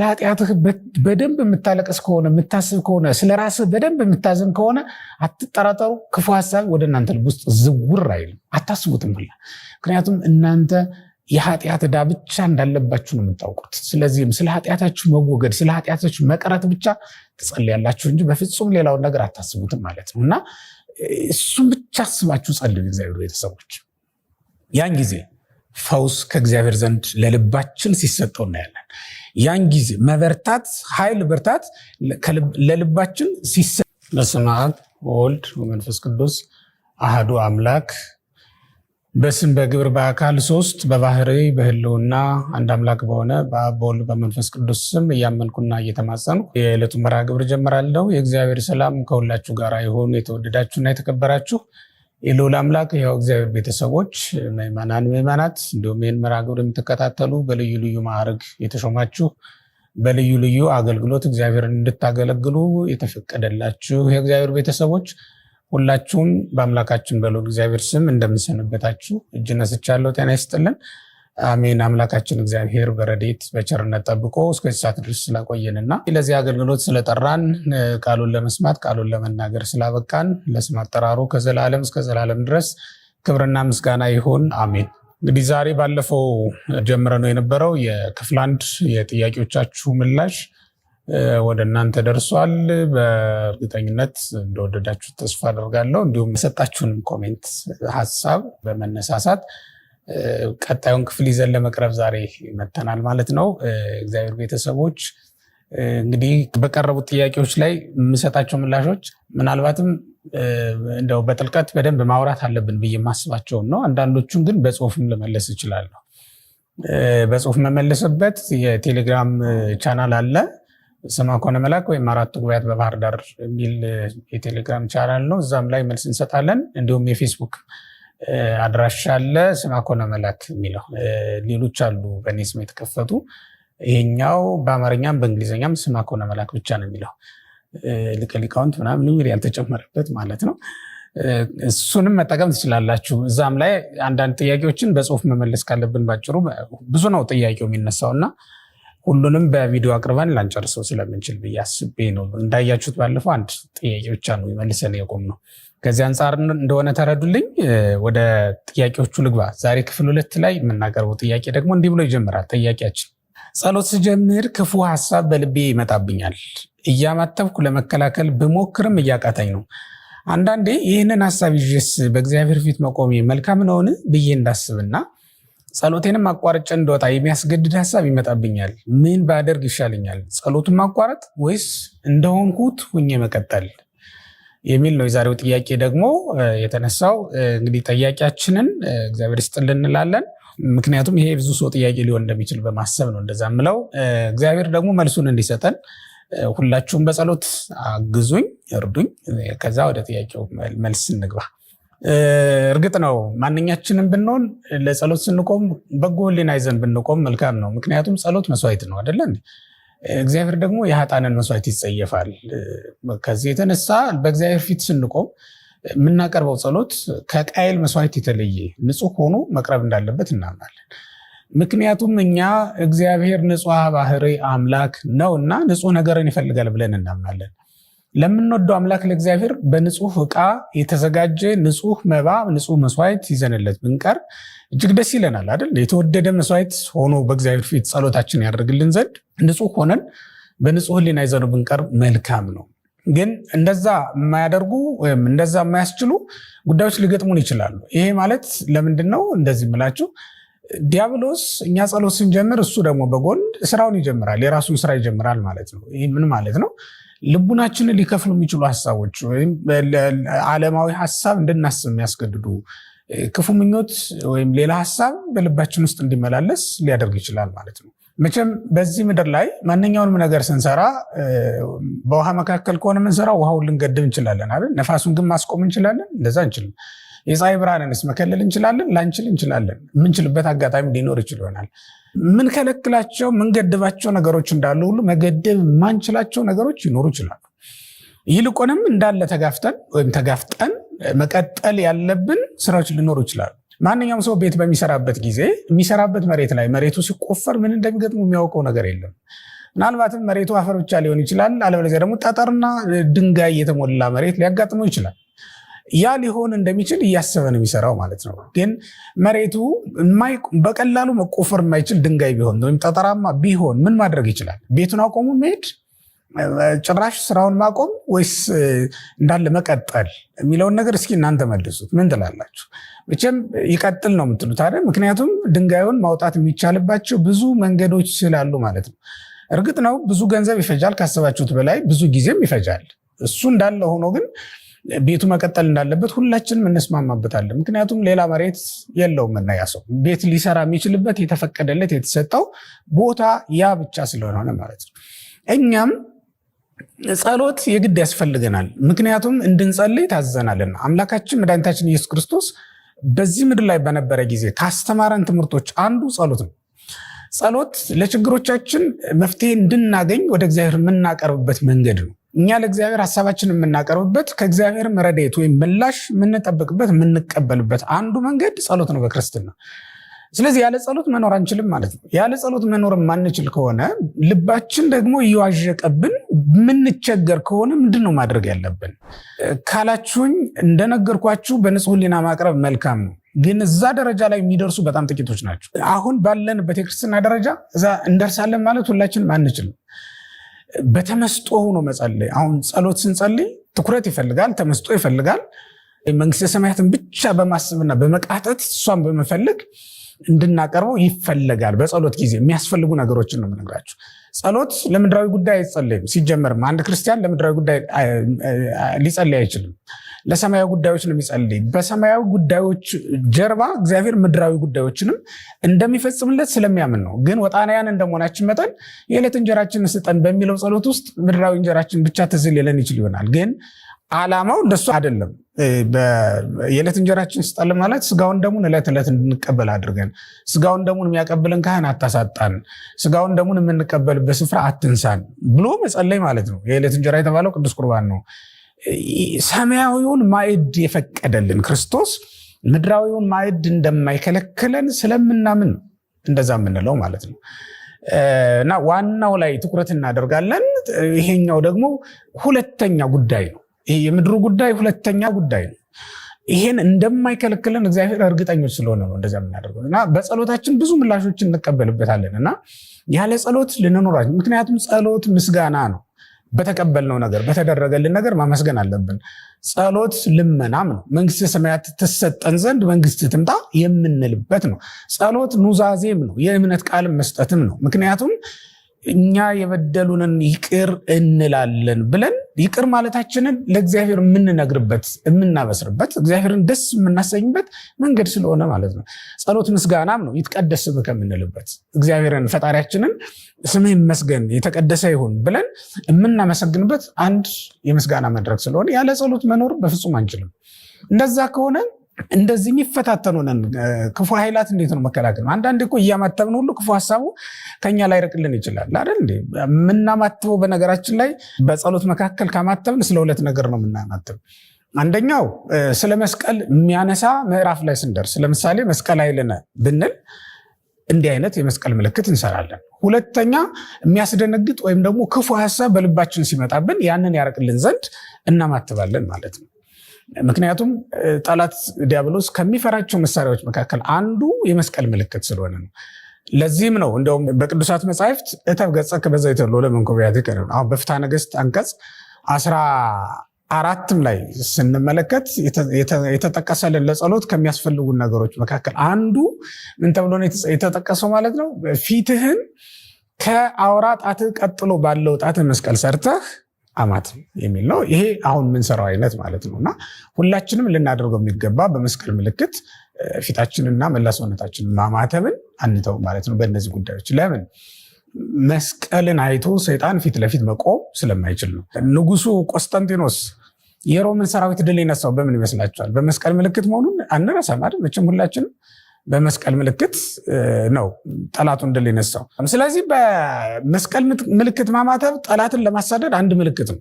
ለኃጢአትህ በደንብ የምታለቀስ ከሆነ የምታስብ ከሆነ ስለ ራስህ በደንብ የምታዘን ከሆነ አትጠራጠሩ፣ ክፉ ሀሳብ ወደ እናንተ ልብ ውስጥ ዝውር አይልም። አታስቡትም ብላ ምክንያቱም እናንተ የኃጢአት ዕዳ ብቻ እንዳለባችሁ ነው የምታውቁት። ስለዚህም ስለ ኃጢአታችሁ መወገድ፣ ስለ ኃጢአታችሁ መቀረት ብቻ ትጸልያላችሁ እንጂ በፍጹም ሌላውን ነገር አታስቡትም ማለት ነው እና እሱም ብቻ አስባችሁ ጸልዩ፣ እግዚአብሔር ቤተሰቦች። ያን ጊዜ ፈውስ ከእግዚአብሔር ዘንድ ለልባችን ሲሰጠው እናያለን። ያን ጊዜ መበርታት ኃይል ብርታት ለልባችን ሲሰ በስመ አብ ወወልድ ወመንፈስ ቅዱስ አህዱ አምላክ በስም በግብር በአካል ሶስት በባህሪ በህልውና አንድ አምላክ በሆነ በአብ በወልድ በመንፈስ ቅዱስ ስም እያመንኩና እየተማጸንኩ የዕለቱ መርሃ ግብር ጀምራለሁ። የእግዚአብሔር ሰላም ከሁላችሁ ጋር ይሁን። የተወደዳችሁና የተከበራችሁ የልዑል አምላክ ያው እግዚአብሔር ቤተሰቦች ምዕመናን፣ ምዕመናት እንዲሁም ይህን መርሃ ግብር የምትከታተሉ በልዩ ልዩ ማዕረግ የተሾማችሁ በልዩ ልዩ አገልግሎት እግዚአብሔርን እንድታገለግሉ የተፈቀደላችሁ የእግዚአብሔር ቤተሰቦች ሁላችሁም በአምላካችን በልዑል እግዚአብሔር ስም እንደምንሰንበታችሁ እጅ ነስቻለሁ። ጤና ይስጥልን። አሜን። አምላካችን እግዚአብሔር በረዴት በቸርነት ጠብቆ እስከዚህ ሰዓት ድረስ ስላቆየንና ለዚህ አገልግሎት ስለጠራን ቃሉን ለመስማት ቃሉን ለመናገር ስላበቃን ለስም አጠራሩ ከዘላለም እስከ ዘላለም ድረስ ክብርና ምስጋና ይሁን፣ አሜን። እንግዲህ ዛሬ ባለፈው ጀምረ ነው የነበረው የክፍል አንድ የጥያቄዎቻችሁ ምላሽ ወደ እናንተ ደርሷል። በእርግጠኝነት እንደወደዳችሁ ተስፋ አደርጋለሁ። እንዲሁም የሰጣችሁንም ኮሜንት ሀሳብ በመነሳሳት ቀጣዩን ክፍል ይዘን ለመቅረብ ዛሬ መተናል ማለት ነው። እግዚአብሔር ቤተሰቦች እንግዲህ በቀረቡት ጥያቄዎች ላይ የምሰጣቸው ምላሾች ምናልባትም እንደው በጥልቀት በደንብ ማውራት አለብን ብዬ የማስባቸውን ነው። አንዳንዶቹን ግን በጽሁፍም ልመለስ እችላለሁ። በጽሁፍ መመለስበት የቴሌግራም ቻናል አለ ስምዐኮነ መላክ ወይም አራቱ ጉባኤያት በባህር ዳር የሚል የቴሌግራም ቻናል ነው። እዛም ላይ መልስ እንሰጣለን። እንዲሁም የፌስቡክ አድራሻ አለ። ኮነ መላክ የሚለው ሌሎች አሉ በእኔ ስም የተከፈቱ። ይሄኛው በአማርኛም በእንግሊዝኛም ኮነ መላክ ብቻ ነው የሚለው ሊቀ ሊቃውንት ምናምን ያልተጨመረበት ማለት ነው። እሱንም መጠቀም ትችላላችሁ። እዛም ላይ አንዳንድ ጥያቄዎችን በጽሁፍ መመለስ ካለብን ባጭሩ ብዙ ነው ጥያቄው የሚነሳው እና ሁሉንም በቪዲዮ አቅርበን ላንጨርሰው ስለምንችል ብዬ አስቤ ነው። እንዳያችሁት ባለፈው አንድ ጥያቄ ብቻ ነው ይመልሰን የቆም ነው። ከዚህ አንጻር እንደሆነ ተረዱልኝ። ወደ ጥያቄዎቹ ልግባ። ዛሬ ክፍል ሁለት ላይ የምናቀርበው ጥያቄ ደግሞ እንዲህ ብሎ ይጀምራል። ጥያቄያችን ጸሎት ስጀምር ክፉ ሀሳብ በልቤ ይመጣብኛል። እያማተብኩ ለመከላከል ብሞክርም እያቃታኝ ነው። አንዳንዴ ይህንን ሀሳብ ይዤስ በእግዚአብሔር ፊት መቆሜ መልካም ነውን ብዬ እንዳስብና ጸሎቴንም አቋርጬ እንደወጣ የሚያስገድድ ሀሳብ ይመጣብኛል። ምን ባደርግ ይሻለኛል? ጸሎቱን ማቋረጥ ወይስ እንደሆንኩት ሁኜ መቀጠል? የሚል ነው። የዛሬው ጥያቄ ደግሞ የተነሳው እንግዲህ ጥያቄያችንን እግዚአብሔር ይስጥልን እንላለን። ምክንያቱም ይሄ ብዙ ሰው ጥያቄ ሊሆን እንደሚችል በማሰብ ነው እንደዛ ምለው። እግዚአብሔር ደግሞ መልሱን እንዲሰጠን ሁላችሁም በጸሎት አግዙኝ፣ እርዱኝ። ከዛ ወደ ጥያቄው መልስ እንግባ። እርግጥ ነው ማንኛችንም ብንሆን ለጸሎት ስንቆም በጎ ሕሊና ይዘን ብንቆም መልካም ነው። ምክንያቱም ጸሎት መስዋዕት ነው አይደለን? እግዚአብሔር ደግሞ የሀጣንን መስዋዕት ይጸየፋል። ከዚህ የተነሳ በእግዚአብሔር ፊት ስንቆም የምናቀርበው ጸሎት ከቃየል መስዋዕት የተለየ ንጹህ ሆኖ መቅረብ እንዳለበት እናምናለን። ምክንያቱም እኛ እግዚአብሔር ንጹሐ ባህሪ አምላክ ነውና ንጹህ ነገርን ይፈልጋል ብለን እናምናለን። ለምንወደው አምላክ ለእግዚአብሔር በንጹህ እቃ የተዘጋጀ ንጹህ መባ፣ ንጹህ መስዋዕት ይዘንለት ብንቀር እጅግ ደስ ይለናል አይደል? የተወደደ መስዋዕት ሆኖ በእግዚአብሔር ፊት ጸሎታችን ያደርግልን ዘንድ ንጹህ ሆነን በንጹህ ሕሊና ይዘኑ ብንቀር መልካም ነው። ግን እንደዛ የማያደርጉ ወይም እንደዛ የማያስችሉ ጉዳዮች ሊገጥሙን ይችላሉ። ይሄ ማለት ለምንድን ነው እንደዚህ ምላችሁ? ዲያብሎስ እኛ ጸሎት ስንጀምር እሱ ደግሞ በጎን ስራውን ይጀምራል፣ የራሱን ስራ ይጀምራል ማለት ነው። ይህ ምን ማለት ነው? ልቡናችንን ሊከፍሉ የሚችሉ ሀሳቦች ወይም ዓለማዊ ሀሳብ እንድናስብ የሚያስገድዱ ክፉ ምኞት ወይም ሌላ ሀሳብ በልባችን ውስጥ እንዲመላለስ ሊያደርግ ይችላል ማለት ነው። መቼም በዚህ ምድር ላይ ማንኛውንም ነገር ስንሰራ በውሃ መካከል ከሆነ ምንሰራ ውሃውን ልንገድብ እንችላለን አይደል? ነፋሱን ግን ማስቆም እንችላለን? እንደዛ እንችልም። የፀሐይ ብርሃንንስ መከለል እንችላለን? ላንችል እንችላለን። የምንችልበት አጋጣሚ ሊኖር ይችል ይሆናል። ምንከለክላቸው ምንገድባቸው ነገሮች እንዳሉ ሁሉ መገደብ ማንችላቸው ነገሮች ይኖሩ ይችላሉ። ይልቁንም እንዳለ ተጋፍተን ወይም ተጋፍጠን መቀጠል ያለብን ስራዎች ሊኖሩ ይችላሉ። ማንኛውም ሰው ቤት በሚሰራበት ጊዜ የሚሰራበት መሬት ላይ መሬቱ ሲቆፈር ምን እንደሚገጥሙ የሚያውቀው ነገር የለም። ምናልባትም መሬቱ አፈር ብቻ ሊሆን ይችላል። አለበለዚያ ደግሞ ጠጠርና ድንጋይ የተሞላ መሬት ሊያጋጥመው ይችላል። ያ ሊሆን እንደሚችል እያሰበ ነው የሚሰራው ማለት ነው። ግን መሬቱ በቀላሉ መቆፈር የማይችል ድንጋይ ቢሆን ወይም ጠጠራማ ቢሆን ምን ማድረግ ይችላል? ቤቱን አቆሙ መሄድ ጭራሽ ስራውን ማቆም ወይስ እንዳለ መቀጠል የሚለውን ነገር እስኪ እናንተ መልሱት። ምን ትላላችሁ? መቼም ይቀጥል ነው የምትሉት አይደል? ምክንያቱም ድንጋዩን ማውጣት የሚቻልባቸው ብዙ መንገዶች ስላሉ ማለት ነው። እርግጥ ነው ብዙ ገንዘብ ይፈጃል፣ ካሰባችሁት በላይ ብዙ ጊዜም ይፈጃል። እሱ እንዳለ ሆኖ ግን ቤቱ መቀጠል እንዳለበት ሁላችንም እንስማማበታለን። ምክንያቱም ሌላ መሬት የለውም እና ያ ሰው ቤት ሊሰራ የሚችልበት የተፈቀደለት የተሰጠው ቦታ ያ ብቻ ስለሆነ ማለት ነው። እኛም ጸሎት የግድ ያስፈልገናል። ምክንያቱም እንድንጸልይ ታዘናልና አምላካችን መድኃኒታችን ኢየሱስ ክርስቶስ በዚህ ምድር ላይ በነበረ ጊዜ ካስተማረን ትምህርቶች አንዱ ጸሎት ነው። ጸሎት ለችግሮቻችን መፍትሄ እንድናገኝ ወደ እግዚአብሔር የምናቀርብበት መንገድ ነው። እኛ ለእግዚአብሔር ሀሳባችን የምናቀርብበት ከእግዚአብሔር ረዴት ወይም ምላሽ የምንጠብቅበት የምንቀበልበት አንዱ መንገድ ጸሎት ነው በክርስትና። ስለዚህ ያለ ጸሎት መኖር አንችልም ማለት ነው። ያለ ጸሎት መኖር የማንችል ከሆነ ልባችን ደግሞ እየዋዠቀብን የምንቸገር ከሆነ ምንድን ነው ማድረግ ያለብን ካላችሁኝ፣ እንደነገርኳችሁ በንጹህ ሕሊና ማቅረብ መልካም ነው። ግን እዛ ደረጃ ላይ የሚደርሱ በጣም ጥቂቶች ናቸው። አሁን ባለንበት የክርስትና ደረጃ እዛ እንደርሳለን ማለት ሁላችንም አንችልም። በተመስጦ ሆኖ መጸለይ። አሁን ጸሎት ስንጸልይ ትኩረት ይፈልጋል፣ ተመስጦ ይፈልጋል። መንግስተ ሰማያትን ብቻ በማሰብና በመቃተት እሷን በመፈለግ እንድናቀርበው ይፈለጋል። በጸሎት ጊዜ የሚያስፈልጉ ነገሮችን ነው የምነግራችሁ። ጸሎት ለምድራዊ ጉዳይ አይጸለይም። ሲጀመርም አንድ ክርስቲያን ለምድራዊ ጉዳይ ሊጸለይ አይችልም። ለሰማያዊ ጉዳዮች ነው የሚጸልይ። በሰማያዊ ጉዳዮች ጀርባ እግዚአብሔር ምድራዊ ጉዳዮችንም እንደሚፈጽምለት ስለሚያምን ነው። ግን ወጣናያን እንደመሆናችን መጠን የዕለት እንጀራችን ስጠን በሚለው ጸሎት ውስጥ ምድራዊ እንጀራችን ብቻ ትዝ ሊለን ይችል ይሆናል። ግን ዓላማው እንደሱ አይደለም። የዕለት እንጀራችን ስጠን ማለት ስጋውን ደሙን ዕለት ዕለት እንድንቀበል አድርገን ስጋውን ደሙን የሚያቀብልን ካህን አታሳጣን፣ ስጋውን ደሙን የምንቀበልበት ስፍራ አትንሳን ብሎ መጸለይ ማለት ነው። የዕለት እንጀራ የተባለው ቅዱስ ቁርባን ነው። ሰማያዊውን ማዕድ የፈቀደልን ክርስቶስ ምድራዊውን ማዕድ እንደማይከለክለን ስለምናምን እንደዛ የምንለው ማለት ነው። እና ዋናው ላይ ትኩረት እናደርጋለን። ይሄኛው ደግሞ ሁለተኛ ጉዳይ ነው። የምድሩ ጉዳይ ሁለተኛ ጉዳይ ነው። ይሄን እንደማይከለክለን እግዚአብሔር እርግጠኞች ስለሆነ ነው እንደዚያ የምናደርገው እና በጸሎታችን ብዙ ምላሾች እንቀበልበታለን እና ያለ ጸሎት ልንኖራችን፣ ምክንያቱም ጸሎት ምስጋና ነው። በተቀበልነው ነገር በተደረገልን ነገር ማመስገን አለብን። ጸሎት ልመናም ነው። መንግስተ ሰማያት ትሰጠን ዘንድ መንግስት ትምጣ የምንልበት ነው። ጸሎት ኑዛዜም ነው። የእምነት ቃል መስጠትም ነው። ምክንያቱም እኛ የበደሉንን ይቅር እንላለን ብለን ይቅር ማለታችንን ለእግዚአብሔር የምንነግርበት የምናበስርበት እግዚአብሔርን ደስ የምናሰኝበት መንገድ ስለሆነ ማለት ነው። ጸሎት ምስጋናም ነው። ይትቀደስ ስምህ ከምንልበት እግዚአብሔርን ፈጣሪያችንን ስምህ ይመስገን የተቀደሰ ይሁን ብለን የምናመሰግንበት አንድ የምስጋና መድረክ ስለሆነ ያለ ጸሎት መኖር በፍጹም አንችልም። እንደዛ ከሆነ እንደዚህ የሚፈታተኑ ነን። ክፉ ኃይላት እንዴት ነው መከላከል? አንዳንዴ እኮ እያማተብን ሁሉ ክፉ ሀሳቡ ከኛ ላይርቅልን ይችላል አይደል? የምናማትበው በነገራችን ላይ በጸሎት መካከል ካማተብን ስለ ሁለት ነገር ነው የምናማትብ። አንደኛው ስለ መስቀል የሚያነሳ ምዕራፍ ላይ ስንደርስ ለምሳሌ መስቀል ኃይልነ ብንል እንዲህ አይነት የመስቀል ምልክት እንሰራለን። ሁለተኛ የሚያስደነግጥ ወይም ደግሞ ክፉ ሀሳብ በልባችን ሲመጣብን ያንን ያርቅልን ዘንድ እናማትባለን ማለት ነው። ምክንያቱም ጠላት ዲያብሎስ ከሚፈራቸው መሳሪያዎች መካከል አንዱ የመስቀል ምልክት ስለሆነ ነው። ለዚህም ነው እንደውም በቅዱሳት መጽሐፍት እተብ ገጸከ በዘይት ሎለ መንኮቢያትከ አሁን በፍትሐ ነገሥት አንቀጽ አስራ አራትም ላይ ስንመለከት የተጠቀሰልን ለጸሎት ከሚያስፈልጉን ነገሮች መካከል አንዱ ምን ተብሎ የተጠቀሰው ማለት ነው? ፊትህን ከአውራ ጣትህ ቀጥሎ ባለው ጣትህ መስቀል ሰርተህ አማት የሚል ነው። ይሄ አሁን ምንሰራው አይነት ማለት ነው እና ሁላችንም ልናደርገው የሚገባ በመስቀል ምልክት ፊታችንና መላ ሰውነታችንን ማማተብን አንተው ማለት ነው። በእነዚህ ጉዳዮች ለምን መስቀልን አይቶ ሰይጣን ፊት ለፊት መቆም ስለማይችል ነው። ንጉሱ ቆስጠንጢኖስ የሮምን ሰራዊት ድል የነሳው በምን ይመስላችኋል? በመስቀል ምልክት መሆኑን አንረሳም አይደል? መቼም ሁላችንም በመስቀል ምልክት ነው ጠላቱን ድል የነሳው። ስለዚህ በመስቀል ምልክት ማማተብ ጠላትን ለማሳደድ አንድ ምልክት ነው።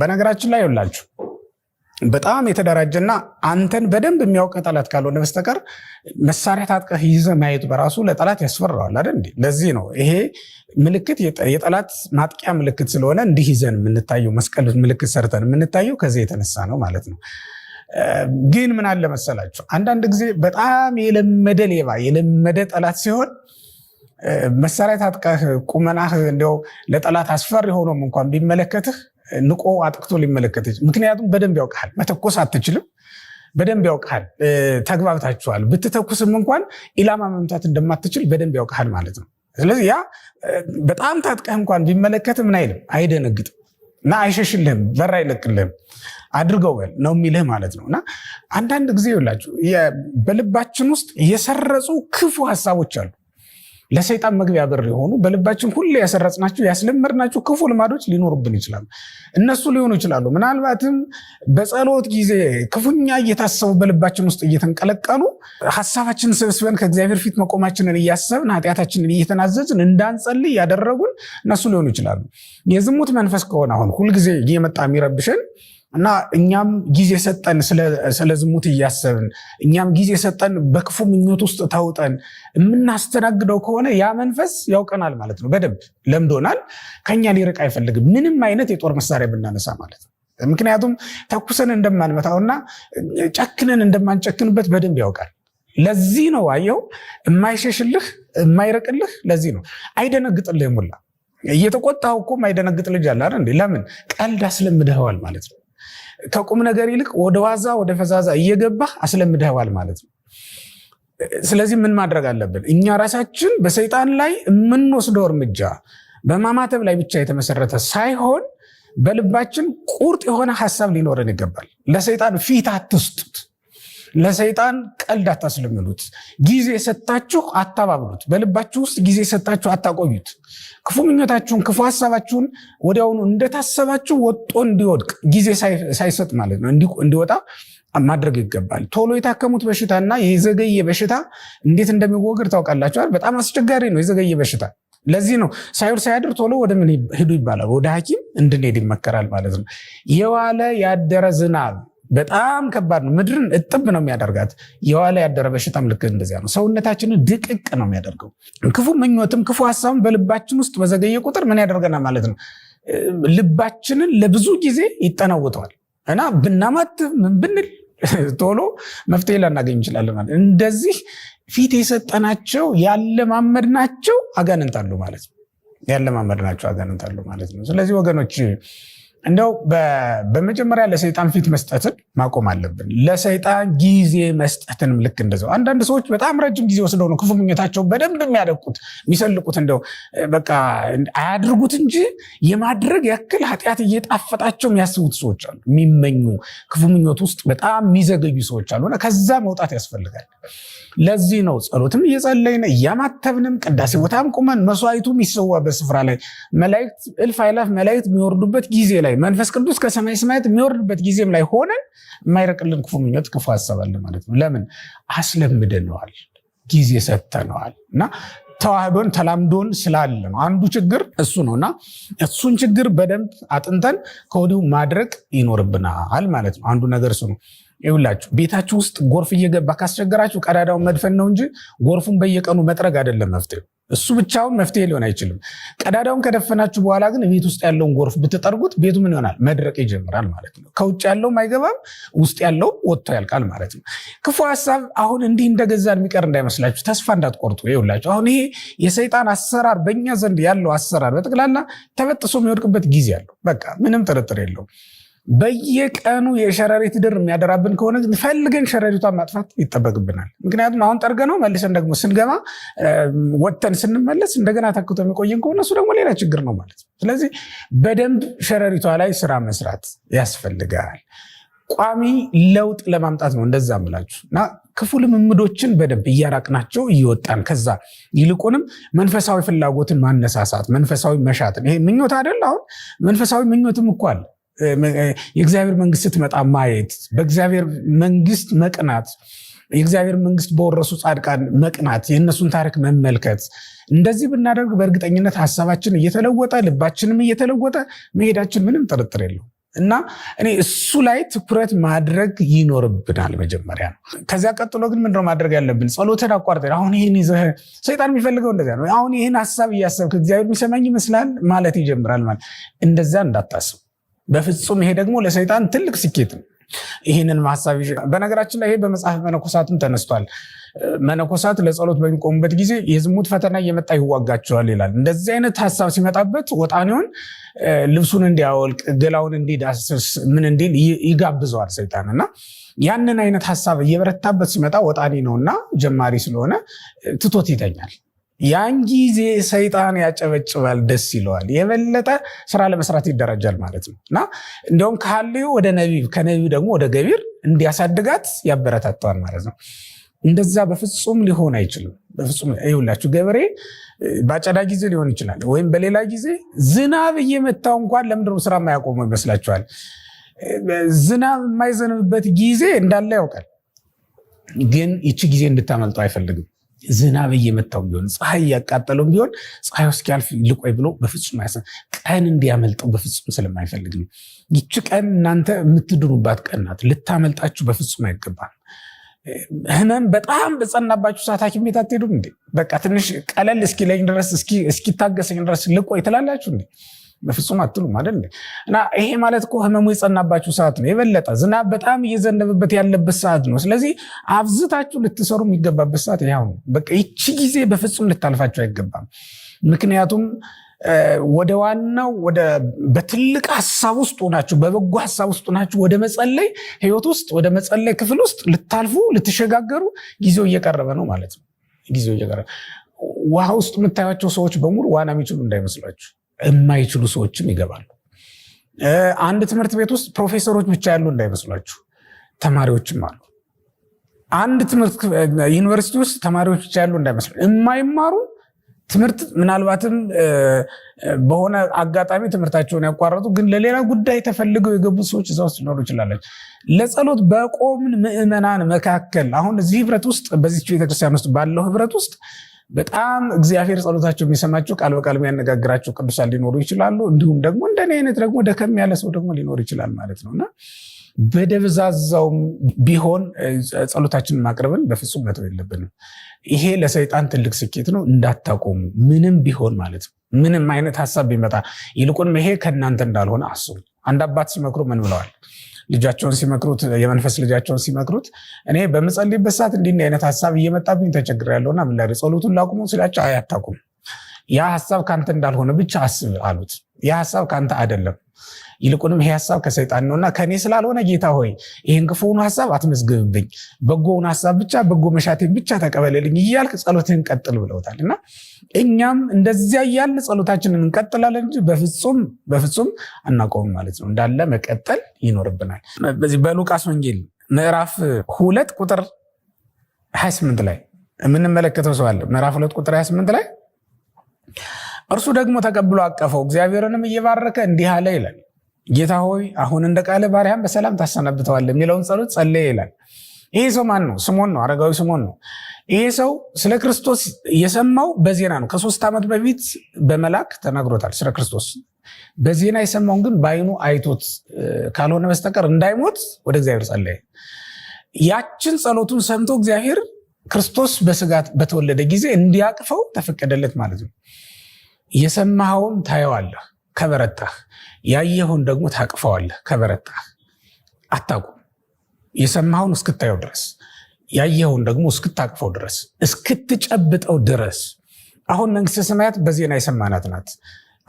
በነገራችን ላይ ይውላችሁ በጣም የተደራጀና አንተን በደንብ የሚያውቀ ጠላት ካልሆነ በስተቀር መሳሪያ ታጥቀህ ይዘህ ማየት በራሱ ለጠላት ያስፈራዋል አይደል እንዴ? ለዚህ ነው ይሄ ምልክት የጠላት ማጥቂያ ምልክት ስለሆነ እንዲህ ይዘን የምንታየው መስቀል ምልክት ሰርተን የምንታየው ከዚህ የተነሳ ነው ማለት ነው። ግን ምን አለ መሰላችሁ፣ አንዳንድ ጊዜ በጣም የለመደ ሌባ የለመደ ጠላት ሲሆን መሳሪያ ታጥቀህ ቁመናህ እንደው ለጠላት አስፈሪ ሆኖም እንኳን ቢመለከትህ ንቆ አጥቅቶ ሊመለከት ምክንያቱም በደንብ ያውቅሃል። መተኮስ አትችልም፣ በደንብ ያውቅሃል። ተግባብታችኋል። ብትተኩስም እንኳን ኢላማ መምታት እንደማትችል በደንብ ያውቅሃል ማለት ነው። ስለዚህ ያ በጣም ታጥቀህ እንኳን ቢመለከትም ምን አይልም፣ አይደነግጥም እና አይሸሽልህም፣ በር አይለቅልህም። አድርገዋል ነው የሚልህ ማለት ነው። እና አንዳንድ ጊዜ ይላችሁ በልባችን ውስጥ የሰረጹ ክፉ ሀሳቦች አሉ ለሰይጣን መግቢያ በር የሆኑ በልባችን ሁሌ ያሰረጽናቸው ያስለመድናቸው ክፉ ልማዶች ሊኖሩብን ይችላሉ። እነሱ ሊሆኑ ይችላሉ። ምናልባትም በጸሎት ጊዜ ክፉኛ እየታሰቡ በልባችን ውስጥ እየተንቀለቀሉ ሀሳባችንን ሰብስበን ከእግዚአብሔር ፊት መቆማችንን እያሰብን ኃጢአታችንን እየተናዘዝን እንዳንጸልይ ያደረጉን እነሱ ሊሆኑ ይችላሉ። የዝሙት መንፈስ ከሆነ አሁን ሁልጊዜ እየመጣ የሚረብሸን እና እኛም ጊዜ ሰጠን ስለ ዝሙት እያሰብን እኛም ጊዜ ሰጠን በክፉ ምኞት ውስጥ ታውጠን የምናስተናግደው ከሆነ ያ መንፈስ ያውቀናል ማለት ነው። በደንብ ለምዶናል። ከኛ ሊርቅ አይፈልግም፣ ምንም አይነት የጦር መሳሪያ ብናነሳ ማለት ነው። ምክንያቱም ተኩሰን እንደማንመታውና ጨክነን እንደማንጨክንበት በደንብ ያውቃል። ለዚህ ነው አየው የማይሸሽልህ የማይርቅልህ። ለዚህ ነው አይደነግጥልህ። ሙላ እየተቆጣው እኮ የማይደነግጥ ልጅ አለ። ለምን ቀልድ አስለምደኸዋል ማለት ነው። ከቁም ነገር ይልቅ ወደ ዋዛ ወደ ፈዛዛ እየገባህ አስለምደዋል ማለት ነው። ስለዚህ ምን ማድረግ አለብን? እኛ ራሳችን በሰይጣን ላይ የምንወስደው እርምጃ በማማተብ ላይ ብቻ የተመሰረተ ሳይሆን በልባችን ቁርጥ የሆነ ሀሳብ ሊኖረን ይገባል። ለሰይጣን ፊት አትስጡት። ለሰይጣን ቀልድ አታስለምሉት። ጊዜ ሰጣችሁ አታባብሉት። በልባችሁ ውስጥ ጊዜ ሰጣችሁ አታቆዩት። ክፉ ምኞታችሁን፣ ክፉ ሀሳባችሁን ወዲያውኑ እንደታሰባችሁ ወጦ እንዲወድቅ ጊዜ ሳይሰጥ ማለት ነው እንዲወጣ ማድረግ ይገባል። ቶሎ የታከሙት በሽታና የዘገየ በሽታ እንዴት እንደሚወገድ ታውቃላችኋል። በጣም አስቸጋሪ ነው የዘገየ በሽታ። ለዚህ ነው ሳይውል ሳያድር ቶሎ ወደ ምን ሂዱ ይባላል። ወደ ሐኪም እንድንሄድ ይመከራል ማለት ነው። የዋለ ያደረ ዝናብ በጣም ከባድ ነው። ምድርን እጥብ ነው የሚያደርጋት። የኋላ ያደረ በሽታም ልክ እንደዚያ ነው። ሰውነታችንን ድቅቅ ነው የሚያደርገው። ክፉ ምኞትም ክፉ ሀሳብም በልባችን ውስጥ በዘገየ ቁጥር ምን ያደርገናል ማለት ነው? ልባችንን ለብዙ ጊዜ ይጠናውጠዋል እና ብናማት ምን ብንል ቶሎ መፍትሄ ላናገኝ እንችላለን ማለት እንደዚህ ፊት የሰጠናቸው ያለማመድ ናቸው አጋንንታሉ ማለት ነው። ያለማመድ ናቸው አጋንንታሉ ማለት ነው። ስለዚህ ወገኖች እንደው በመጀመሪያ ለሰይጣን ፊት መስጠትን ማቆም አለብን። ለሰይጣን ጊዜ መስጠትን ልክ እንደዛው። አንዳንድ ሰዎች በጣም ረጅም ጊዜ ወስደው ነው ክፉ ምኞታቸው በደንብ የሚያደቁት የሚሰልቁት። እንደው በቃ አያድርጉት እንጂ የማድረግ ያክል ኃጢአት እየጣፈጣቸው የሚያስቡት ሰዎች አሉ። የሚመኙ ክፉ ምኞት ውስጥ በጣም የሚዘገዩ ሰዎች አሉ። ከዛ መውጣት ያስፈልጋል። ለዚህ ነው ጸሎትም እየጸለይን እያማተብንም ቅዳሴ ቦታም ቁመን መስዋዕቱ የሚሰዋበት ስፍራ ላይ መላእክት እልፍ አእላፍ መላእክት የሚወርዱበት ጊዜ ላይ ላይ መንፈስ ቅዱስ ከሰማይ ሰማያት የሚወርድበት ጊዜም ላይ ሆነን የማይረቅልን ክፉ ምኞት፣ ክፉ አሰባለ ማለት ነው። ለምን አስለምደነዋል፣ ጊዜ ሰጥተነዋል እና ተዋህዶን ተላምዶን ስላለ ነው። አንዱ ችግር እሱ ነው እና እሱን ችግር በደንብ አጥንተን ከወዲሁ ማድረግ ይኖርብናል ማለት ነው። አንዱ ነገር እሱ ነው። ይሁላችሁ ቤታችሁ ውስጥ ጎርፍ እየገባ ካስቸገራችሁ ቀዳዳውን መድፈን ነው እንጂ ጎርፉን በየቀኑ መጥረግ አይደለም መፍትሄው። እሱ ብቻውን መፍትሄ ሊሆን አይችልም። ቀዳዳውን ከደፈናችሁ በኋላ ግን ቤት ውስጥ ያለውን ጎርፍ ብትጠርጉት ቤቱ ምን ይሆናል? መድረቅ ይጀምራል ማለት ነው። ከውጭ ያለውም አይገባም፣ ውስጥ ያለውም ወጥቶ ያልቃል ማለት ነው። ክፉ ሀሳብ አሁን እንዲህ እንደገዛ የሚቀር እንዳይመስላችሁ፣ ተስፋ እንዳትቆርጡ። ይኸውላችሁ አሁን ይሄ የሰይጣን አሰራር በእኛ ዘንድ ያለው አሰራር በጠቅላላ ተበጥሶ የሚወድቅበት ጊዜ አለው። በቃ ምንም ጥርጥር የለውም። በየቀኑ የሸረሪት ድር የሚያደራብን ከሆነ ፈልገን ሸረሪቷን ማጥፋት ይጠበቅብናል። ምክንያቱም አሁን ጠርገ ነው መልሰን ደግሞ ስንገባ ወጥተን ስንመለስ እንደገና ተክቶ የሚቆየን ከሆነ እሱ ደግሞ ሌላ ችግር ነው ማለት ነው። ስለዚህ በደንብ ሸረሪቷ ላይ ስራ መስራት ያስፈልጋል። ቋሚ ለውጥ ለማምጣት ነው እንደዛ ምላችሁ እና ክፉ ልምምዶችን በደንብ እያራቅናቸው እየወጣን ከዛ ይልቁንም መንፈሳዊ ፍላጎትን ማነሳሳት መንፈሳዊ መሻትን ይሄ ምኞት አይደል? አሁን መንፈሳዊ ምኞትም እኮ አለ የእግዚአብሔር መንግስት ስትመጣ ማየት፣ በእግዚአብሔር መንግስት መቅናት፣ የእግዚአብሔር መንግስት በወረሱ ጻድቃን መቅናት፣ የእነሱን ታሪክ መመልከት። እንደዚህ ብናደርግ በእርግጠኝነት ሀሳባችን እየተለወጠ ልባችንም እየተለወጠ መሄዳችን ምንም ጥርጥር የለው እና እኔ እሱ ላይ ትኩረት ማድረግ ይኖርብናል መጀመሪያ ነው። ከዚያ ቀጥሎ ግን ምንድነው ማድረግ ያለብን? ጸሎትን አቋርጠ አሁን ይህን ይዘህ ሰይጣን የሚፈልገው እንደዚያ ነው። አሁን ይህን ሀሳብ እያሰብክ እግዚአብሔር የሚሰማኝ ይመስላል ማለት ይጀምራል። ማለት እንደዚያ እንዳታስብ በፍጹም ይሄ ደግሞ ለሰይጣን ትልቅ ስኬት ነው። ይህንን ማሳብ በነገራችን ላይ ይሄ በመጽሐፍ መነኮሳትም ተነስቷል። መነኮሳት ለጸሎት በሚቆሙበት ጊዜ የዝሙት ፈተና እየመጣ ይዋጋቸዋል ይላል። እንደዚህ አይነት ሀሳብ ሲመጣበት ወጣኔውን ልብሱን እንዲያወልቅ ገላውን እንዲዳስስ ምን እንዲል ይጋብዘዋል ሰይጣን እና ያንን አይነት ሀሳብ እየበረታበት ሲመጣ ወጣኔ ነውና ጀማሪ ስለሆነ ትቶት ይተኛል። ያን ጊዜ ሰይጣን ያጨበጭባል፣ ደስ ይለዋል፣ የበለጠ ስራ ለመስራት ይደራጃል ማለት ነው እና እንዲሁም ከሐልዩ ወደ ነቢብ ከነቢብ ደግሞ ወደ ገቢር እንዲያሳድጋት ያበረታተዋል ማለት ነው። እንደዛ በፍጹም ሊሆን አይችልም። በፍጹም ይውላችሁ፣ ገበሬ በአጨዳ ጊዜ ሊሆን ይችላል ወይም በሌላ ጊዜ ዝናብ እየመታው እንኳን ለምንድነው ስራ የማያቆመው ይመስላችኋል? ዝናብ የማይዘንብበት ጊዜ እንዳለ ያውቃል፣ ግን ይቺ ጊዜ እንድታመልጠው አይፈልግም። ዝናብ እየመታው ቢሆን ፀሐይ እያቃጠለው ቢሆን ፀሐይ ውስጥ ያልፍ ልቆይ ብሎ በፍጹም አያሰ ቀን እንዲያመልጠው በፍጹም ስለማይፈልግ ነው። ይቺ ቀን እናንተ የምትድኑባት ቀን ናት። ልታመልጣችሁ በፍጹም አይገባም። ህመም በጣም በጸናባችሁ ሰዓት ሐኪም ቤት አትሄዱም እንዴ? በቃ ትንሽ ቀለል እስኪለኝ ድረስ እስኪታገሰኝ ድረስ ልቆይ ትላላችሁ እንዴ? በፍጹም አትሉም አደለ እና ይሄ ማለት እኮ ህመሙ የጸናባችሁ ሰዓት ነው። የበለጠ ዝናብ በጣም እየዘነበበት ያለበት ሰዓት ነው። ስለዚህ አብዝታችሁ ልትሰሩ የሚገባበት ሰዓት ይኸው ነው። በቃ ይቺ ጊዜ በፍጹም ልታልፋችሁ አይገባም። ምክንያቱም ወደ ዋናው ወደ በትልቅ ሀሳብ ውስጥ ሆናችሁ በበጎ ሀሳብ ውስጥ ሆናችሁ ወደ መጸለይ ህይወት ውስጥ ወደ መጸለይ ክፍል ውስጥ ልታልፉ ልትሸጋገሩ ጊዜው እየቀረበ ነው ማለት ነው። ጊዜው እየቀረበ ውሃ ውስጥ የምታያቸው ሰዎች በሙሉ ዋና የሚችሉ እንዳይመስላችሁ የማይችሉ ሰዎችም ይገባሉ። አንድ ትምህርት ቤት ውስጥ ፕሮፌሰሮች ብቻ ያሉ እንዳይመስሏችሁ፣ ተማሪዎችም አሉ። አንድ ትምህርት ዩኒቨርሲቲ ውስጥ ተማሪዎች ብቻ ያሉ እንዳይመስሉ የማይማሩ ትምህርት ምናልባትም በሆነ አጋጣሚ ትምህርታቸውን ያቋረጡ ግን ለሌላ ጉዳይ ተፈልገው የገቡ ሰዎች እዛ ውስጥ ሊኖሩ ይችላለች። ለጸሎት በቆምን ምዕመናን መካከል አሁን እዚህ ህብረት ውስጥ በዚች ቤተክርስቲያን ውስጥ ባለው ህብረት ውስጥ በጣም እግዚአብሔር ጸሎታቸው የሚሰማቸው ቃል በቃል የሚያነጋግራቸው ቅዱሳን ሊኖሩ ይችላሉ። እንዲሁም ደግሞ እንደኔ አይነት ደግሞ ደከም ያለ ሰው ደግሞ ሊኖር ይችላል ማለት ነው እና በደብዛዛውም ቢሆን ጸሎታችንን ማቅረብን በፍጹም መተው የለብንም። ይሄ ለሰይጣን ትልቅ ስኬት ነው። እንዳታቆሙ ምንም ቢሆን ማለት ነው። ምንም አይነት ሀሳብ ቢመጣ ይልቁንም ይሄ ከእናንተ እንዳልሆነ አስቡ። አንድ አባት ሲመክሩ ምን ብለዋል? ልጃቸውን ሲመክሩት የመንፈስ ልጃቸውን ሲመክሩት እኔ በምጸልይበት ሰዓት እንዲህ አይነት ሀሳብ እየመጣብኝ ተቸግሬያለሁና ምን ላድርግ ጸሎቱን ላቁሙ ስላቸው አያታቁም ያ ሀሳብ ከአንተ እንዳልሆነ ብቻ አስብ አሉት። ያ ሀሳብ ከአንተ አይደለም፣ ይልቁንም ይሄ ሀሳብ ከሰይጣን ነውና ከእኔ ስላልሆነ ጌታ ሆይ ይህን ክፉውን ሀሳብ አትመዝግብብኝ፣ በጎውን ሀሳብ ብቻ በጎ መሻቴን ብቻ ተቀበልልኝ እያልክ ጸሎትህን ቀጥል ብለውታል። እና እኛም እንደዚያ እያልን ጸሎታችንን እንቀጥላለን እንጂ በፍጹም በፍጹም አናቆም ማለት ነው። እንዳለ መቀጠል ይኖርብናል። በዚህ በሉቃስ ወንጌል ምዕራፍ ሁለት ቁጥር 28 ላይ የምንመለከተው ሰው አለ። ምዕራፍ ሁለት ቁጥር 28 ላይ እርሱ ደግሞ ተቀብሎ አቀፈው፣ እግዚአብሔርንም እየባረከ እንዲህ አለ ይላል። ጌታ ሆይ አሁን እንደ ቃለ ባሪያም በሰላም ታሰነብተዋል የሚለውን ጸሎት ጸለየ ይላል። ይሄ ሰው ማን ነው? ስሞን ነው። አረጋዊ ስሞን ነው። ይሄ ሰው ስለ ክርስቶስ የሰማው በዜና ነው። ከሶስት ዓመት በፊት በመላክ ተነግሮታል ስለ ክርስቶስ። በዜና የሰማውን ግን በአይኑ አይቶት ካልሆነ በስተቀር እንዳይሞት ወደ እግዚአብሔር ጸለየ። ያችን ጸሎቱን ሰምቶ እግዚአብሔር ክርስቶስ በስጋት በተወለደ ጊዜ እንዲያቅፈው ተፈቀደለት ማለት ነው። የሰማኸውን ታየዋለህ ከበረታህ፣ ያየኸውን ደግሞ ታቅፈዋለህ ከበረታህ። አታቁም። የሰማኸውን እስክታየው ድረስ፣ ያየኸውን ደግሞ እስክታቅፈው ድረስ፣ እስክትጨብጠው ድረስ። አሁን መንግስተ ሰማያት በዜና የሰማናት ናት።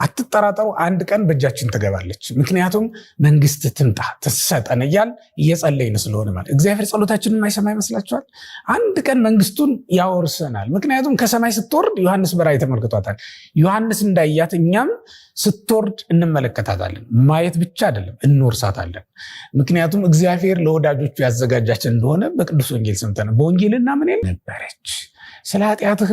አትጠራጠሩ፣ አንድ ቀን በእጃችን ትገባለች። ምክንያቱም መንግስት ትምጣ ትሰጠን እያል እየጸለይን ስለሆነ ማለት እግዚአብሔር ጸሎታችንን የማይሰማ ይመስላችኋል? አንድ ቀን መንግስቱን ያወርሰናል። ምክንያቱም ከሰማይ ስትወርድ ዮሐንስ በራእይ ተመልክቷታል። ዮሐንስ እንዳያት እኛም ስትወርድ እንመለከታታለን። ማየት ብቻ አይደለም እንወርሳታለን። ምክንያቱም እግዚአብሔር ለወዳጆቹ ያዘጋጃችን እንደሆነ በቅዱስ ወንጌል ሰምተናል። በወንጌልና ምን ነበረች ስለ ኃጢአትህ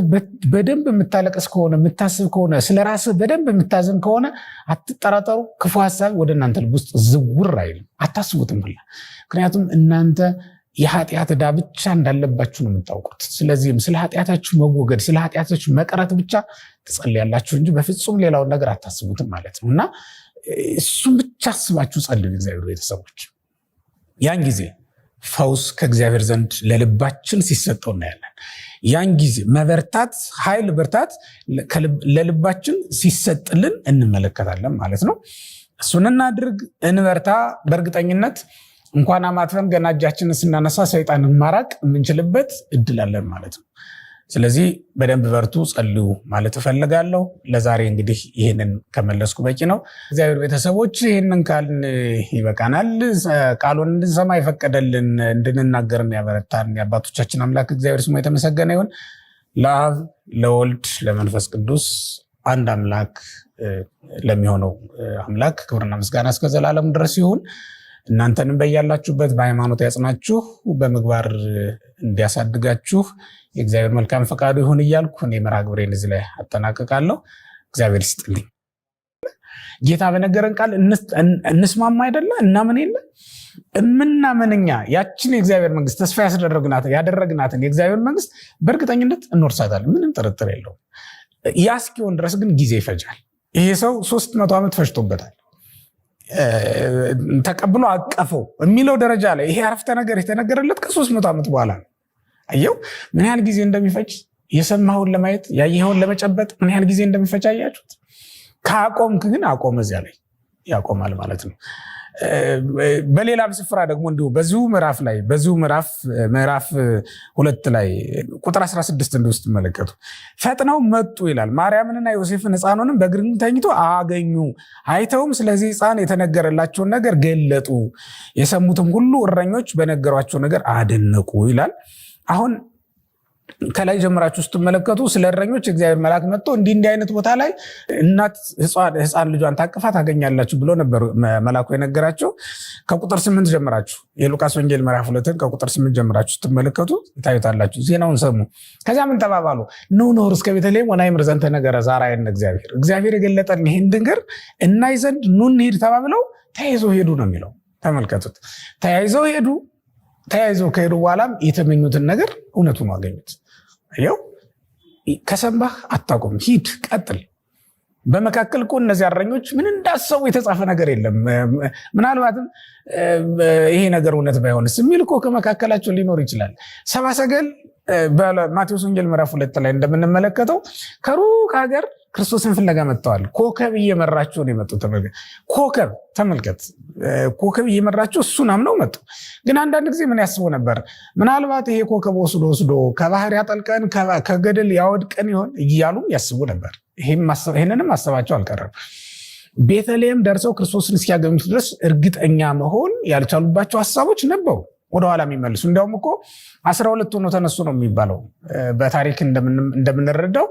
በደንብ የምታለቀስ ከሆነ የምታስብ ከሆነ ስለ ራስህ በደንብ የምታዘን ከሆነ አትጠራጠሩ፣ ክፉ ሀሳብ ወደ እናንተ ልብ ውስጥ ዝውር አይልም። አታስቡትም ብላ ምክንያቱም እናንተ የኃጢአት ዕዳ ብቻ እንዳለባችሁ ነው የምታውቁት። ስለዚህም ስለ ኃጢአታችሁ መወገድ፣ ስለ ኃጢአታችሁ መቀረት ብቻ ትጸልያላችሁ እንጂ በፍጹም ሌላውን ነገር አታስቡትም ማለት ነው እና እሱም ብቻ አስባችሁ ጸልዩ። እግዚአብሔር ቤተሰቦች ያን ጊዜ ፈውስ ከእግዚአብሔር ዘንድ ለልባችን ሲሰጠው እናያለን። ያን ጊዜ መበርታት ኃይል ብርታት ለልባችን ሲሰጥልን እንመለከታለን ማለት ነው። እሱን እናድርግ፣ እንበርታ። በእርግጠኝነት እንኳን አማትበን ገና እጃችንን ስናነሳ ሰይጣን ማራቅ የምንችልበት እድል አለን ማለት ነው። ስለዚህ በደንብ በርቱ፣ ጸልዩ ማለት እፈልጋለሁ። ለዛሬ እንግዲህ ይህንን ከመለስኩ በቂ ነው። እግዚአብሔር ቤተሰቦች ይህንን ካልን ይበቃናል። ቃሉን እንድንሰማ የፈቀደልን እንድንናገርም ያበረታን የአባቶቻችን አምላክ እግዚአብሔር ስሙ የተመሰገነ ይሁን። ለአብ ለወልድ ለመንፈስ ቅዱስ አንድ አምላክ ለሚሆነው አምላክ ክብርና ምስጋና እስከ ዘላለሙ ድረስ ይሁን። እናንተንም በያላችሁበት በሃይማኖት ያጽናችሁ፣ በምግባር እንዲያሳድጋችሁ የእግዚአብሔር መልካም ፈቃዱ ይሁን እያልኩ እኔ መርሃ ግብሬን እዚህ ላይ አጠናቅቃለሁ። እግዚአብሔር ይስጥልኝ። ጌታ በነገረን ቃል እንስማማ አይደለ? እናምን የለ እምናምንኛ ያችን የእግዚአብሔር መንግስት ተስፋ ያደረግናትን የእግዚአብሔር መንግስት በእርግጠኝነት እንወርሳታለን። ምንም ጥርጥር የለውም። ያ እስኪሆን ድረስ ግን ጊዜ ይፈጃል። ይሄ ሰው ሶስት መቶ ዓመት ፈጅቶበታል። ተቀብሎ አቀፈው የሚለው ደረጃ ላይ ይሄ አረፍተ ነገር የተነገረለት ከሶስት መቶ ዓመት በኋላ ነው። አየው ምን ያህል ጊዜ እንደሚፈጅ የሰማሁን ለማየት ያየኸውን ለመጨበጥ ምን ያህል ጊዜ እንደሚፈጅ አያችሁት። ከአቆምክ ግን አቆመ፣ እዚያ ላይ ያቆማል ማለት ነው። በሌላም ስፍራ ደግሞ እንዲሁ በዚሁ ምዕራፍ ላይ በዚሁ ምዕራፍ ምዕራፍ ሁለት ላይ ቁጥር 16 እንዲሁ ስትመለከቱ ፈጥነው መጡ ይላል። ማርያምንና ዮሴፍን ሕፃኑንም በግርግም ተኝቶ አገኙ። አይተውም ስለዚህ ሕፃን የተነገረላቸውን ነገር ገለጡ። የሰሙትም ሁሉ እረኞች በነገሯቸው ነገር አደነቁ ይላል። አሁን ከላይ ጀምራችሁ ስትመለከቱ ስለ እረኞች እግዚአብሔር መልአክ መጥቶ እንዲህ እንዲህ አይነት ቦታ ላይ እናት ሕፃን ልጇን ታቅፋ ታገኛላችሁ ብሎ ነበር መልአኩ የነገራቸው። ከቁጥር ስምንት ጀምራችሁ የሉቃስ ወንጌል ምዕራፍ ሁለትን ከቁጥር ስምንት ጀምራችሁ ስትመለከቱ ታዩታላችሁ። ዜናውን ሰሙ። ከዚያ ምን ተባባሉ? ኑ ኖር እስከ ቤተልሔም ወናይምር ዘንድ ተነገረ ዛራየን እግዚአብሔር እግዚአብሔር የገለጠን ይህን ድንግር እናይ ዘንድ ኑ እንሂድ ተባብለው ተያይዘው ሄዱ ነው የሚለው። ተመልከቱት። ተያይዘው ሄዱ ተያይዘው ከሄዱ በኋላም የተመኙትን ነገር እውነቱን አገኙት። ያው ከሰንባህ አታቆም፣ ሂድ፣ ቀጥል። በመካከል እኮ እነዚህ አረኞች ምን እንዳሰቡ የተጻፈ ነገር የለም። ምናልባትም ይሄ ነገር እውነት ባይሆንስ የሚል እኮ ከመካከላቸው ሊኖር ይችላል። ሰባሰገል ሰገል በማቴዎስ ወንጌል ምዕራፍ ሁለት ላይ እንደምንመለከተው ከሩቅ ሀገር ክርስቶስን ፍለጋ መጥተዋል። ኮከብ እየመራቸው ነው የመጡት። ኮከብ ተመልከት፣ ኮከብ እየመራቸው እሱን አምነው መጡ። ግን አንዳንድ ጊዜ ምን ያስቡ ነበር? ምናልባት ይሄ ኮከብ ወስዶ ወስዶ ከባህር ያጠልቀን ከገደል ያወድቀን ይሆን እያሉም ያስቡ ነበር። ይህንንም ማሰባቸው አልቀረም። ቤተልሔም ደርሰው ክርስቶስን እስኪያገኙት ድረስ እርግጠኛ መሆን ያልቻሉባቸው ሀሳቦች ነበሩ። ወደኋላ የሚመልሱ እንዲያውም እኮ አስራ ሁለቱ ነው ተነሱ ነው የሚባለው። በታሪክ እንደምንረዳው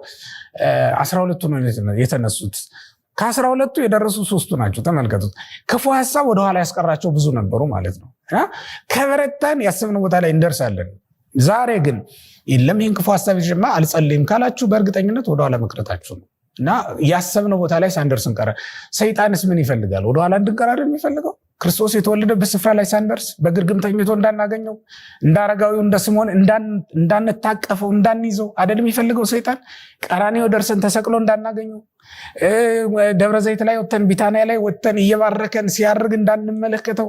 አስራ ሁለቱ ነው የተነሱት ከአስራ ሁለቱ የደረሱ ሶስቱ ናቸው። ተመልከቱት። ክፉ ሀሳብ ወደኋላ ያስቀራቸው ብዙ ነበሩ ማለት ነው። እና ከበረታን ያሰብነው ቦታ ላይ እንደርሳለን። ዛሬ ግን የለም ይህን ክፉ ሀሳብ ይዤማ አልጸልይም ካላችሁ በእርግጠኝነት ወደኋላ መቅረታችሁ ነው እና ያሰብነው ቦታ ላይ ሳንደርስ እንቀረ። ሰይጣንስ ምን ይፈልጋል? ወደኋላ እንድንቀራደ የሚፈልገው ክርስቶስ የተወለደበት ስፍራ ላይ ሳንደርስ በግርግም ተኝቶ እንዳናገኘው እንደ አረጋዊው እንደ ስምዖን እንዳንታቀፈው እንዳንይዘው አደል የሚፈልገው ሰይጣን። ቀራኔው ደርሰን ተሰቅሎ እንዳናገኘው ደብረ ዘይት ላይ ወተን ቢታንያ ላይ ወተን እየባረከን ሲያርግ እንዳንመለከተው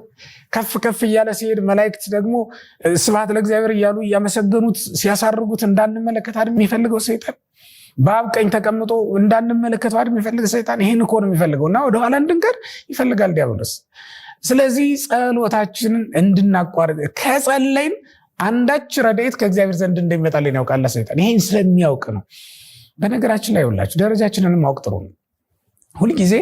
ከፍ ከፍ እያለ ሲሄድ መላእክት ደግሞ ስብሐት ለእግዚአብሔር እያሉ እያመሰገኑት ሲያሳርጉት እንዳንመለከት አድ የሚፈልገው ሰይጣን። በአብ ቀኝ ተቀምጦ እንዳንመለከተው አድ የሚፈልገው ሰይጣን። ይህን እኮ ነው የሚፈልገው እና ወደኋላ እንድንቀር ይፈልጋል ዲያብሎስ። ስለዚህ ጸሎታችንን እንድናቋርጥ ከጸለይን አንዳች ረድኤት ከእግዚአብሔር ዘንድ እንደሚመጣልን ያውቃል ሰይጣን። ይሄን ስለሚያውቅ ነው። በነገራችን ላይ ሁላችሁ ደረጃችንን ማወቅ ጥሩ ነው። ሁልጊዜ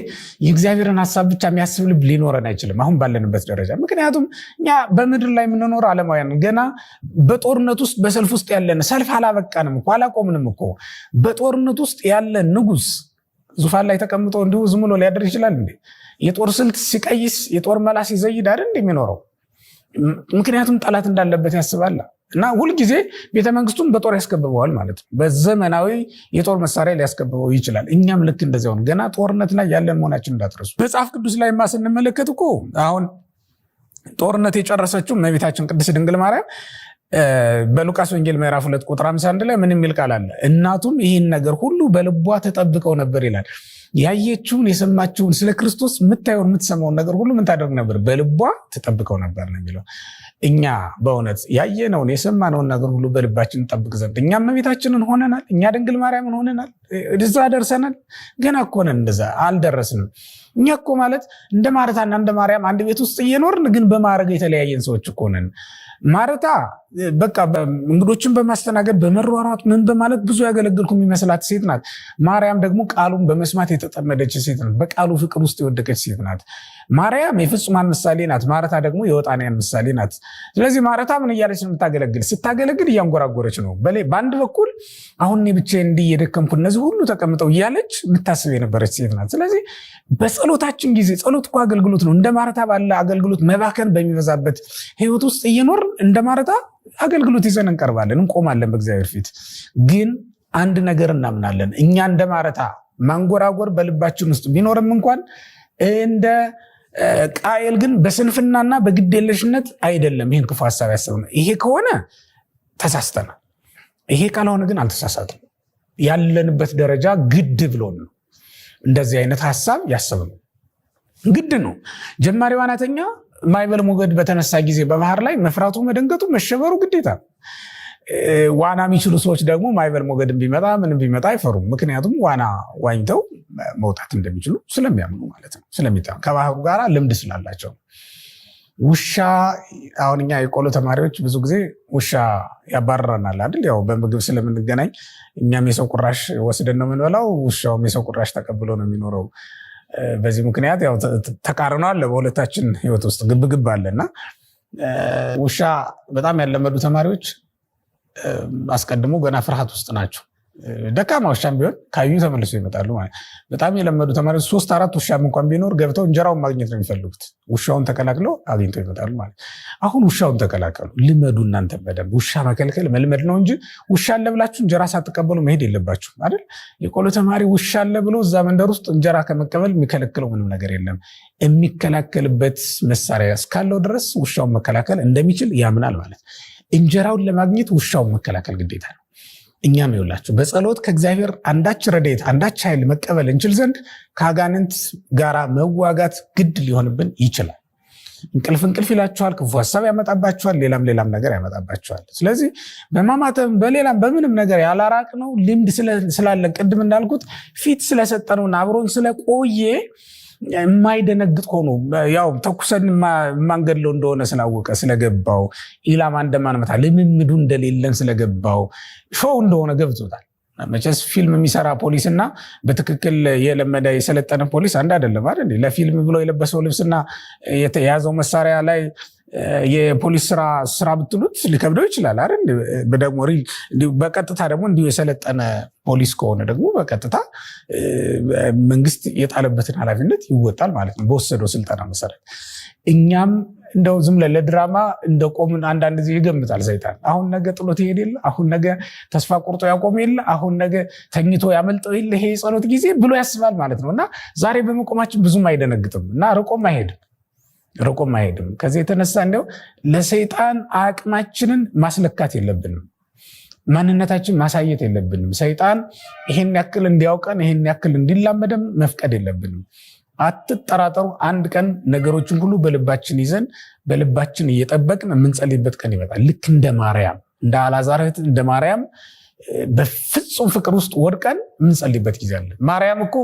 የእግዚአብሔርን ሀሳብ ብቻ የሚያስብ ልብ ሊኖረን አይችልም፣ አሁን ባለንበት ደረጃ። ምክንያቱም እኛ በምድር ላይ የምንኖር አለማውያን ገና በጦርነት ውስጥ በሰልፍ ውስጥ ያለን ሰልፍ አላበቃንም እኮ አላቆምንም እኮ በጦርነት ውስጥ ያለ ንጉስ ዙፋን ላይ ተቀምጦ እንዲሁ ዝም ብሎ ሊያደር ይችላል እንዴ? የጦር ስልት ሲቀይስ የጦር መላ ሲዘይድ አይደል የሚኖረው። ምክንያቱም ጠላት እንዳለበት ያስባል እና ሁልጊዜ ቤተመንግስቱን በጦር ያስከብበዋል ማለት ነው። በዘመናዊ የጦር መሳሪያ ሊያስከብበው ይችላል። እኛም ልክ እንደዚያውን ገና ጦርነት ላይ ያለን መሆናችን እንዳትረሱ። መጽሐፍ ቅዱስ ላይማ ስንመለከት እኮ አሁን ጦርነት የጨረሰችው እመቤታችን ቅድስት ድንግል ማርያም በሉቃስ ወንጌል ምዕራፍ ሁለት ቁጥር 51 ላይ ምን የሚል ቃል አለ? እናቱም ይህን ነገር ሁሉ በልቧ ተጠብቀው ነበር ይላል። ያየችውን የሰማችውን ስለ ክርስቶስ የምታየውን የምትሰማውን ነገር ሁሉ ምን ታደርግ ነበር? በልቧ ትጠብቀው ነበር ነው የሚለው። እኛ በእውነት ያየነውን የሰማነውን ነገር ሁሉ በልባችን እንጠብቅ ዘንድ እኛ እመቤታችንን ሆነናል። እኛ ድንግል ማርያምን ሆነናል። እዛ ደርሰናል። ገና እኮ ነን። እንደዛ አልደረስንም። እኛ እኮ ማለት እንደ ማረታና እንደ ማርያም አንድ ቤት ውስጥ እየኖርን ግን በማድረግ የተለያየን ሰዎች እኮ ነን። ማረታ በቃ እንግዶችን በማስተናገድ በመሯሯት ምን በማለት ብዙ ያገለግልኩ የሚመስላት ሴት ናት። ማርያም ደግሞ ቃሉን በመስማት የተጠመደች ሴት ናት። በቃሉ ፍቅር ውስጥ የወደቀች ሴት ናት። ማርያም የፍጹማን ምሳሌ ናት። ማረታ ደግሞ የወጣንያን ምሳሌ ናት። ስለዚህ ማረታ ምን እያለች ነው የምታገለግል? ስታገለግል እያንጎራጎረች ነው። በአንድ በኩል አሁን እኔ ብቻዬን እንዲህ እየደከምኩ እነዚህ ሁሉ ተቀምጠው እያለች የምታስብ የነበረች ሴት ናት። ስለዚህ በጸሎታችን ጊዜ ጸሎት እኮ አገልግሎት ነው። እንደ ማረታ ባለ አገልግሎት መባከን በሚበዛበት ህይወት ውስጥ እየኖር እንደ ማረታ አገልግሎት ይዘን እንቀርባለን፣ እንቆማለን በእግዚአብሔር ፊት። ግን አንድ ነገር እናምናለን እኛ እንደ ማረታ ማንጎራጎር በልባችን ውስጥ ቢኖርም እንኳን እንደ ቃየል ግን በስንፍናና በግዴለሽነት አይደለም። ይህን ክፉ ሀሳብ ያሰብነው ይሄ ከሆነ ተሳስተናል። ይሄ ካልሆነ ግን አልተሳሳትም። ያለንበት ደረጃ ግድ ብሎን ነው። እንደዚህ አይነት ሀሳብ ያስብም ግድ ነው። ጀማሪ ዋናተኛ ማይበል ሞገድ በተነሳ ጊዜ በባህር ላይ መፍራቱ፣ መደንገጡ፣ መሸበሩ ግዴታ። ዋና የሚችሉ ሰዎች ደግሞ ማይበል ሞገድ ቢመጣ ምንም ቢመጣ አይፈሩም። ምክንያቱም ዋና ዋኝተው መውጣት እንደሚችሉ ስለሚያምኑ ማለት ነው፣ ስለሚጠ ከባህሩ ጋር ልምድ ስላላቸው ውሻ አሁን እኛ የቆሎ ተማሪዎች ብዙ ጊዜ ውሻ ያባረረናል አይደል? ያው በምግብ ስለምንገናኝ እኛም የሰው ቁራሽ ወስደን ነው የምንበላው፣ ውሻውም የሰው ቁራሽ ተቀብሎ ነው የሚኖረው። በዚህ ምክንያት ያው ተቃርኖ አለ በሁለታችን ህይወት ውስጥ ግብግብ አለ እና ውሻ በጣም ያለመዱ ተማሪዎች አስቀድሞ ገና ፍርሃት ውስጥ ናቸው። ደካማ ውሻም ቢሆን ካዩ ተመልሶ ይመጣሉ። ማለት በጣም የለመዱ ተማሪዎች ሶስት አራት ውሻም እንኳን ቢኖር ገብተው እንጀራውን ማግኘት ነው የሚፈልጉት። ውሻውን ተቀላቅለው አግኝተው ይመጣሉ። ማለት አሁን ውሻውን ተቀላቀሉ፣ ልመዱ። እናንተ በደንብ ውሻ መከልከል መልመድ ነው እንጂ ውሻ አለ ብላችሁ እንጀራ ሳትቀበሉ መሄድ የለባችሁ አይደል? የቆሎ ተማሪ ውሻ አለ ብሎ እዛ መንደር ውስጥ እንጀራ ከመቀበል የሚከለክለው ምንም ነገር የለም። የሚከላከልበት መሳሪያ እስካለው ድረስ ውሻውን መከላከል እንደሚችል ያምናል ማለት። እንጀራውን ለማግኘት ውሻውን መከላከል ግዴታ ነው። እኛም ይውላቸው በጸሎት ከእግዚአብሔር አንዳች ረዴት አንዳች ኃይል መቀበል እንችል ዘንድ ከአጋንንት ጋራ መዋጋት ግድ ሊሆንብን ይችላል። እንቅልፍ እንቅልፍ ይላችኋል፣ ክፉ ሀሳብ ያመጣባችኋል፣ ሌላም ሌላም ነገር ያመጣባችኋል። ስለዚህ በማማተም በሌላም በምንም ነገር ያላራቅ ነው ልምድ ስላለን ቅድም እንዳልኩት ፊት ስለሰጠነውና አብሮን ስለቆየ የማይደነግጥ ሆኖ ያው ተኩሰን የማንገድለው እንደሆነ ስላወቀ ስለገባው ኢላማ እንደማንመታ ልምምዱ እንደሌለን ስለገባው ሾው እንደሆነ ገብቶታል። መቼስ ፊልም የሚሰራ ፖሊስ እና በትክክል የለመደ የሰለጠነ ፖሊስ አንድ አይደለም አይደል? ለፊልም ብሎ የለበሰው ልብስና የተያዘው መሳሪያ ላይ የፖሊስ ስራ ስራ ብትሉት ሊከብደው ይችላል አይደል? ደግሞ በቀጥታ ደግሞ እንዲሁ የሰለጠነ ፖሊስ ከሆነ ደግሞ በቀጥታ መንግስት የጣለበትን ኃላፊነት ይወጣል ማለት ነው በወሰደው ስልጠና መሰረት። እኛም እንደው ዝም ብለን እንደ ቆምን አንዳንድ ጊዜ ይገምታል ሰይጣን። አሁን ነገ ጥሎት ይሄድ የለ፣ አሁን ነገ ተስፋ ቆርጦ ያቆም የለ፣ አሁን ነገ ተኝቶ ያመልጠው የለ፣ ይሄ የጸሎት ጊዜ ብሎ ያስባል ማለት ነው። እና ዛሬ በመቆማችን ብዙም አይደነግጥም እና ርቆም አይሄድም ርቆም አይሄድም። ከዚህ የተነሳ እንዲያው ለሰይጣን አቅማችንን ማስለካት የለብንም። ማንነታችን ማሳየት የለብንም። ሰይጣን ይሄን ያክል እንዲያውቀን ይሄን ያክል እንዲላመደም መፍቀድ የለብንም። አትጠራጠሩ። አንድ ቀን ነገሮችን ሁሉ በልባችን ይዘን በልባችን እየጠበቅን የምንጸልይበት ቀን ይመጣል። ልክ እንደ ማርያም እንደ አላዛርህት እንደ ማርያም በፍጹም ፍቅር ውስጥ ወድቀን የምንጸልይበት ጊዜ አለ። ማርያም እኮ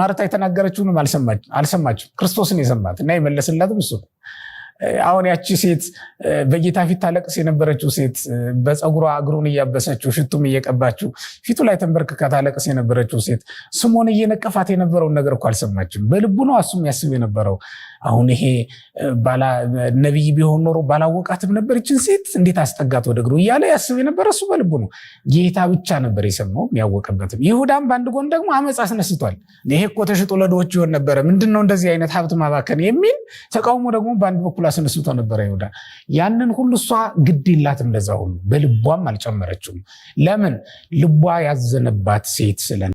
ማርታ የተናገረችውንም አልሰማችም፣ ክርስቶስን የሰማት እና የመለስላትም እሱ አሁን ያቺ ሴት በጌታ ፊት ታለቅስ የነበረችው ሴት በፀጉሯ እግሩን እያበሰችው ሽቱም እየቀባችው ፊቱ ላይ ተንበርክካ ታለቅስ የነበረችው ሴት ስሞን እየነቀፋት የነበረውን ነገር እኮ አልሰማችም። በልቡ ነው እሱ ያስብ የነበረው አሁን ይሄ ነቢይ ቢሆን ኖሮ ባላወቃትም ነበር ይችን ሴት እንዴት አስጠጋት ወደ እግሩ እያለ ያስብ የነበረ እሱ በልቡ ነው። ጌታ ብቻ ነበር የሰማው ያወቀበትም። ይሁዳም በአንድ ጎን ደግሞ አመፅ አስነስቷል። ይሄ እኮ ተሽጦ ለድሆች ይሆን ነበረ፣ ምንድነው እንደዚህ አይነት ሀብት ማባከን የሚል ተቃውሞ ደግሞ በአንድ በኩል አስነስቶ ነበረ ይሁዳ። ያንን ሁሉ እሷ ግድ የላትም ለዛ ሁሉ በልቧም አልጨመረችውም። ለምን ልቧ ያዘነባት ሴት ስለ